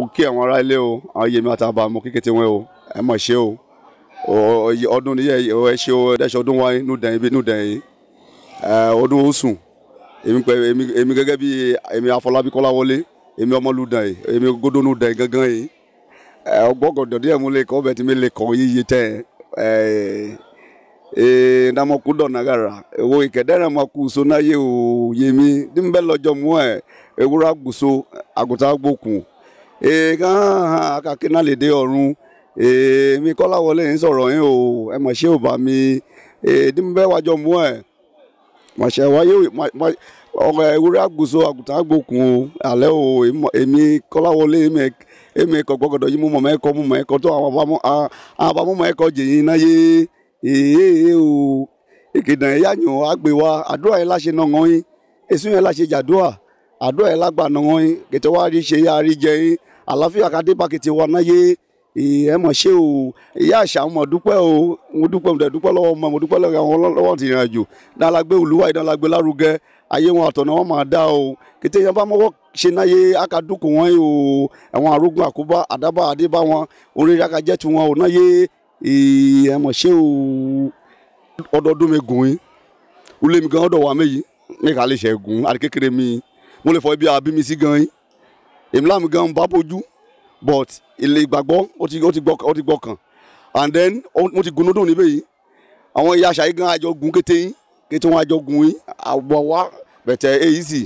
mo kí àwọn ará ilé o àwọn yèmí àtàbà mo kí kété wọn o ẹ mọ̀ ṣe o ọdún níyẹ ẹ ṣe o ẹṣẹ ọdún wáyé nù dẹ̀yìn bí nù dẹ̀yìn ọdún oṣù èmi pẹ̀ èmi gẹ́gẹ́ bí èmi Afọlábí Kọ́láwọlé èmi ọmọlúdàn yìí èmi gódónú dẹ̀ gángan yìí ọgbọ́gọ̀dọ̀ díẹ̀ mú lè kọ́ ọbẹ̀ tí mi lè kọ́ yíyí tẹ̀ ee namaku dọnagara ewo ìkẹdẹrẹ maku sonaye o yemi dimbẹ lọ́jọ́ mu ẹ àgùtà ee ká kàkí náà lè ee, ọ̀run Kọla Kọ́láwọlé ń sọ̀rọ̀ yín o ẹ mọ̀ ṣé ò bá mi èdè mi bẹ́ẹ̀ wájọ ẹ, ẹ̀ màṣẹ wáyé ọ̀rọ̀ ewúrẹ́ àgùsọ àgùtà àgbòkùn o àlẹ́ o èmi èmi tó àwọn o agbè wa àdúrà yẹn láṣẹ náà èsùn yẹn láṣẹ jàdúrà. àdó ẹ̀ lágbàna wọn kẹtẹ wá rí ṣe yá rí jẹ yín àlàáfíà kàdé pàkìtì wọn náà yé ẹ mọ̀ ṣé o ìyá àṣà mo dúpẹ́ o mo dúpẹ́ mo dúpẹ́ lọ́wọ́ ọmọ mo dúpẹ́ lọ́wọ́ àwọn ọlọ́wọ́ ti rìn àjò dálágbé olúwa ìdálágbé lárugẹ ayé wọn àtọ̀nà wọn máa dá o kété yẹn bá mọ́wọ́ ṣe náà yé akadúkù wọn yìí o àwọn arógun àkóbá àdábà àdébá wọn oríire akajẹ́ ti wọn ò náà yé ẹ mọ̀ ṣé o ọdọọdún mi gùn yín ulé gan ọdọ wa méyì mi kà lè ṣẹ́gun àti kékeré mi mo lè fọ ibi àbímí sí gan yín èmi gan ń bójú but ilé ìgbàgbọ́ ó ti ó ti and then mo ti gunodò níbẹ̀ yìí àwọn ìyá àṣà yìí gan àjọ gun kété yín kété wọn àjọ gun yín àwọ̀ wá bẹ̀tẹ̀ èyí sì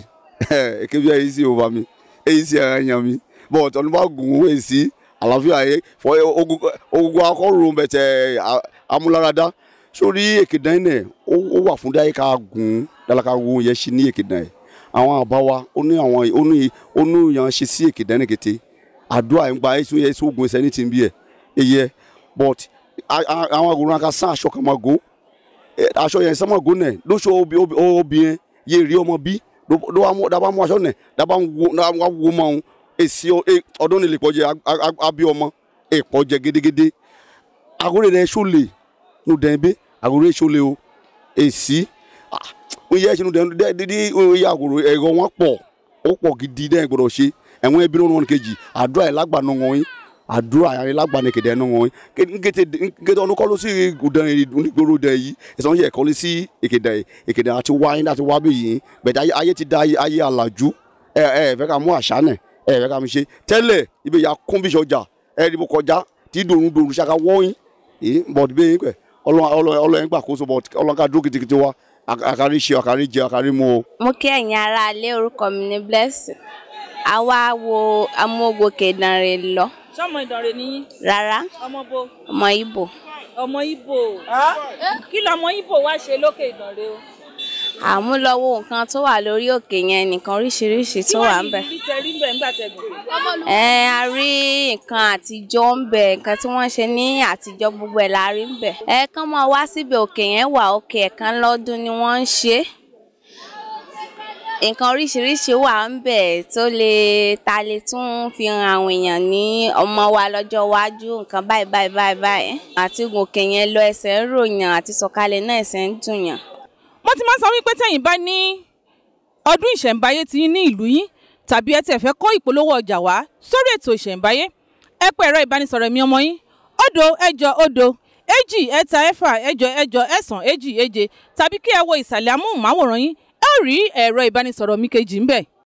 èkébí ò bá mi èyí sì e ẹ̀yàn mi but ọ̀nà bá gun èyí sí àlàáfíà yẹ fọ eh, ogun akọrò bẹ̀tẹ̀ eh, amúláradá sórí èkìdán yìí nẹ̀ ó wà fún dáyé ká gun dálákà wo yẹ sí ní èkìdán yìí àwọn àbá wa ó ní àwọn ó ní ó ní ìyàn ṣe sí èkè dẹ́nìkété àdúrà ń gba èso èso ogun ẹsẹ̀ ní ti ń bí ẹ̀ èyí but àwọn àgùnrán kan sán aṣọ kan máa gò aṣọ yẹn sán máa gò nẹ̀ lóṣù obìnrin yé rí ọmọ bí dábàá mú aṣọ nẹ̀ dábàá wo máa ń èsì ọdún nílẹ̀ ìpọ́jẹ abí ọmọ ìpọ́jẹ gédégédé àgórí rẹ̀ ṣó lè nù dẹ́n bẹ́ àgórí rẹ̀ ṣó lè o èsì. Ah, oye ẹsẹ nu dẹ dídí oye àgòrò ẹgọ wọn pọ̀ ó pọ̀ gidi dẹ gbọ́dọ̀ ṣe ẹwọn ẹbí lọrùn wọn kejì àdúrà yìí lágbà nù wọn yìí àdúrà yìí lágbà ní kẹdẹ nù wọn yìí nkete nkete ọlọkọlọ sí ìdàn onígboro dẹ yìí ẹsẹ wọn yẹ ẹkọlẹ sí èkèdè èkèdè àti wáyé àti wábẹ yìí bẹtẹ ayé ti da ayé àlàjú ẹ ẹ fẹ́ ká mú àṣà nẹ ẹ fẹ́ ká mi ṣe tẹ́lẹ̀ ibẹ ya kún bí sọjà ẹ ẹdí mo kọjá tí dòrùn dòrùn ṣaka wọnyin ẹ bọdù bẹyìn pẹ ọlọ ọlọ ọlọ ẹ ń gbà kóso bọ ọlọ ká dúró kìtìkìtì wa Akari ṣe akari jẹ akari mu o. mo kí ẹ̀yin ará ilé orúkọ mi ní blessing àwa wo amógòkè ìdànrè lọ. sọmọ ìdànrè ni yín. rárá ọmọ bo. ọmọ ibo. ọmọ ibo kí lọmọ ibo wá ṣe lókè ìdànrè o àmúlọ́wọ́ nǹkan tó wà lórí òkè yẹn nìkan oríṣiríṣi tó wà ń bẹ̀. ẹ a rí nǹkan àtijọ́ ń bẹ̀ nǹkan tí wọ́n ṣe ní àtijọ́ gbogbo ẹ̀ la rí ń bẹ̀. ẹ kàn máa wá síbi òkè yẹn wà òkè ẹ̀kan lọ́dún ni wọ́n ń ṣe nǹkan oríṣiríṣi wà ń bẹ̀ tó lè ta lè tún fi hàn àwọn èèyàn ní ọmọ wa lọ́jọ́ iwájú nǹkan báyìí báyìí báyìí báyìí àti gòkè yẹn lọ ẹsẹ̀ ń ròyàn àti sọ̀kalẹ̀ náà ẹsẹ̀ wọ́n ti máa ń sọ wípé tẹ̀yin bá ní ọdún ìṣẹ̀ǹbáyé ti ní ìlú yín tàbí ẹ tẹ̀ fẹ́ kó ìpolówó ọjà wá sórí ètò ìṣẹ̀ǹbáyé ẹ pè ẹ̀rọ ìbánisọ̀rọ̀ mi ọmọ yín òdo ẹ̀jọ òdo èjì ẹ̀ta ẹ̀fà ẹ̀jọ ẹ̀jọ ẹ̀sán èjì èje tàbí kí ẹ wo ìsàlẹ̀ amóhùnmáwòrán yín ẹ rí ẹ̀rọ ìbánisọ̀rọ̀ mi kejì ńbẹ̀